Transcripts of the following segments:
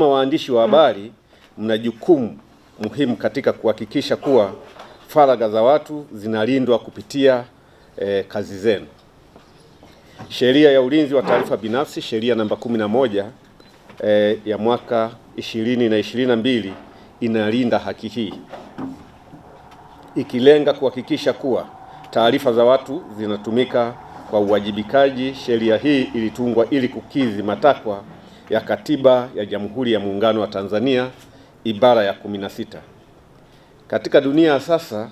kama waandishi wa habari mna jukumu muhimu katika kuhakikisha kuwa faragha za watu zinalindwa kupitia e, kazi zenu. Sheria ya ulinzi wa taarifa binafsi, sheria namba 11 e, eh, ya mwaka 20 na 22 inalinda haki hii ikilenga kuhakikisha kuwa taarifa za watu zinatumika kwa uwajibikaji. Sheria hii ilitungwa ili kukidhi matakwa ya Katiba ya Jamhuri ya Muungano wa Tanzania ibara ya 16. Katika dunia ya sasa,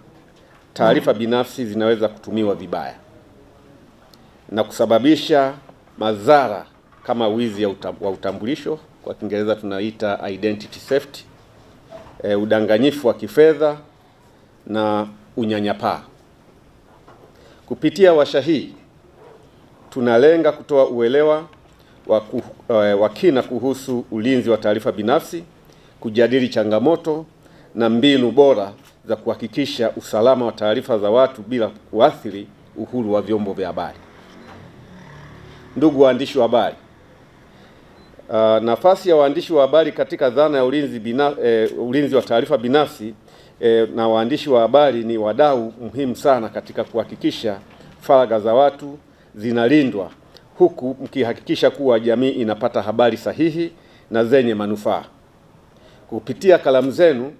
taarifa binafsi zinaweza kutumiwa vibaya na kusababisha madhara kama wizi wa utambulisho, kwa Kiingereza tunaita identity theft, e, udanganyifu wa kifedha na unyanyapaa. Kupitia washa hii tunalenga kutoa uelewa Eh, wa kina kuhusu ulinzi wa taarifa binafsi, kujadili changamoto na mbinu bora za kuhakikisha usalama wa taarifa za watu bila kuathiri uhuru wa vyombo vya habari. Ndugu waandishi wa habari, Uh, nafasi ya waandishi wa habari katika dhana ya ulinzi, bina, uh, ulinzi wa taarifa binafsi uh, na waandishi wa habari ni wadau muhimu sana katika kuhakikisha faragha za watu zinalindwa huku mkihakikisha kuwa jamii inapata habari sahihi na zenye manufaa. Kupitia kalamu zenu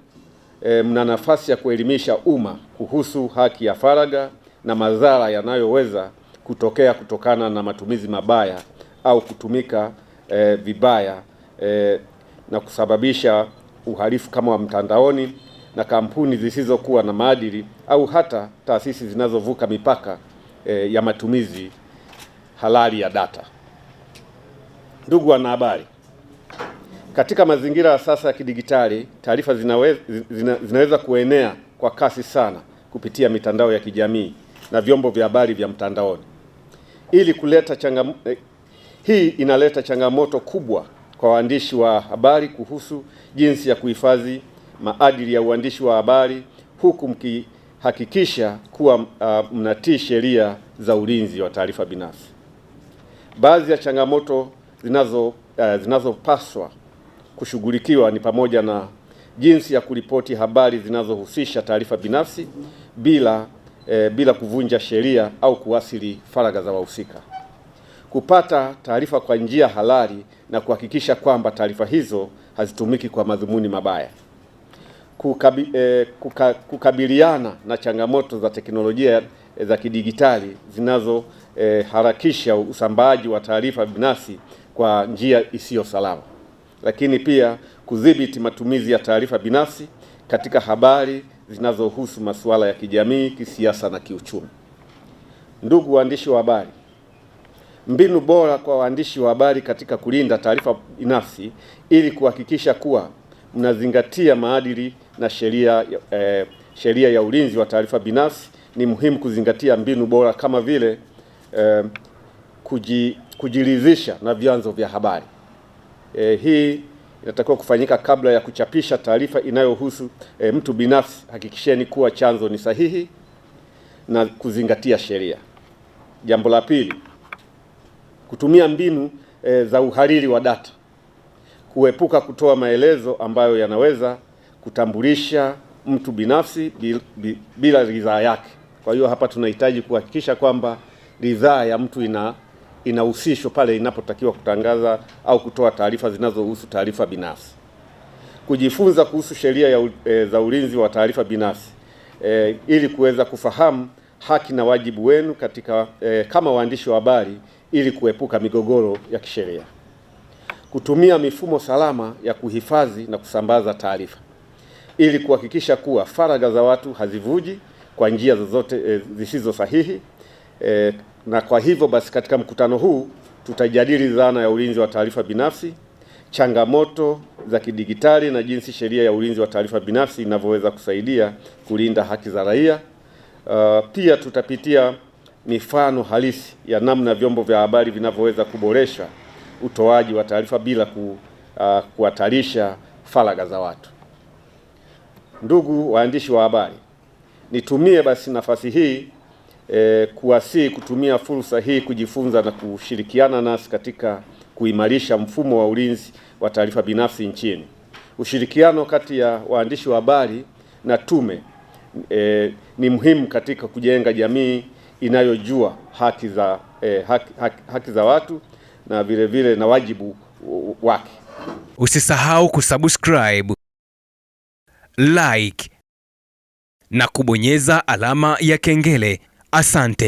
e, mna nafasi ya kuelimisha umma kuhusu haki ya faragha na madhara yanayoweza kutokea kutokana na matumizi mabaya au kutumika e, vibaya e, na kusababisha uhalifu kama wa mtandaoni na kampuni zisizokuwa na maadili au hata taasisi zinazovuka mipaka e, ya matumizi halali ya data. Ndugu wanahabari, katika mazingira ya sasa ya kidigitali, taarifa zinaweza, zina, zinaweza kuenea kwa kasi sana kupitia mitandao ya kijamii na vyombo vya habari vya mtandaoni. Ili kuleta changam... Eh, hii inaleta changamoto kubwa kwa waandishi wa habari kuhusu jinsi ya kuhifadhi maadili ya uandishi wa habari huku mkihakikisha kuwa uh, mnatii sheria za ulinzi wa taarifa binafsi. Baadhi ya changamoto zinazo uh, zinazopaswa kushughulikiwa ni pamoja na jinsi ya kuripoti habari zinazohusisha taarifa binafsi bila eh, bila kuvunja sheria au kuathiri faragha za wahusika, kupata taarifa kwa njia halali na kuhakikisha kwamba taarifa hizo hazitumiki kwa madhumuni mabaya, kukabi, eh, kuka, kukabiliana na changamoto za teknolojia eh, za kidigitali zinazo eh, harakisha usambaaji wa taarifa binafsi kwa njia isiyo salama, lakini pia kudhibiti matumizi ya taarifa binafsi katika habari zinazohusu masuala ya kijamii, kisiasa na kiuchumi. Ndugu waandishi wa habari, mbinu bora kwa waandishi wa habari katika kulinda taarifa binafsi ili kuhakikisha kuwa mnazingatia maadili na sheria eh, sheria ya ulinzi wa taarifa binafsi, ni muhimu kuzingatia mbinu bora kama vile eh, kujiridhisha na vyanzo vya habari. Eh, hii inatakiwa kufanyika kabla ya kuchapisha taarifa inayohusu eh, mtu binafsi. Hakikisheni kuwa chanzo ni sahihi na kuzingatia sheria. Jambo la pili, kutumia mbinu e, za uhariri wa data, kuepuka kutoa maelezo ambayo yanaweza kutambulisha mtu binafsi bila ridhaa yake. Kwa hiyo hapa tunahitaji kuhakikisha kwamba ridhaa ya mtu ina inahusishwa pale inapotakiwa kutangaza au kutoa taarifa zinazohusu taarifa binafsi. Kujifunza kuhusu sheria ya, e, za ulinzi wa taarifa binafsi e, ili kuweza kufahamu haki na wajibu wenu katika e, kama waandishi wa habari ili kuepuka migogoro ya kisheria. Kutumia mifumo salama ya kuhifadhi na kusambaza taarifa ili kuhakikisha kuwa faragha za watu hazivuji kwa njia zozote e, zisizo sahihi e, na kwa hivyo basi katika mkutano huu tutajadili dhana ya ulinzi wa taarifa binafsi, changamoto za kidigitali na jinsi sheria ya ulinzi wa taarifa binafsi inavyoweza kusaidia kulinda haki za raia. Uh, pia tutapitia mifano halisi ya namna vyombo vya habari vinavyoweza kuboresha utoaji wa taarifa bila ku, uh, kuhatarisha faragha za watu. Ndugu waandishi wa habari, nitumie basi nafasi hii e, kuwasihi kutumia fursa hii kujifunza na kushirikiana nasi katika kuimarisha mfumo wa ulinzi wa taarifa binafsi nchini. Ushirikiano kati ya waandishi wa habari na tume e, ni muhimu katika kujenga jamii inayojua haki za, e, haki, haki, haki za watu na vile vile na wajibu wake. Usisahau kusubscribe, like na kubonyeza alama ya kengele Asante.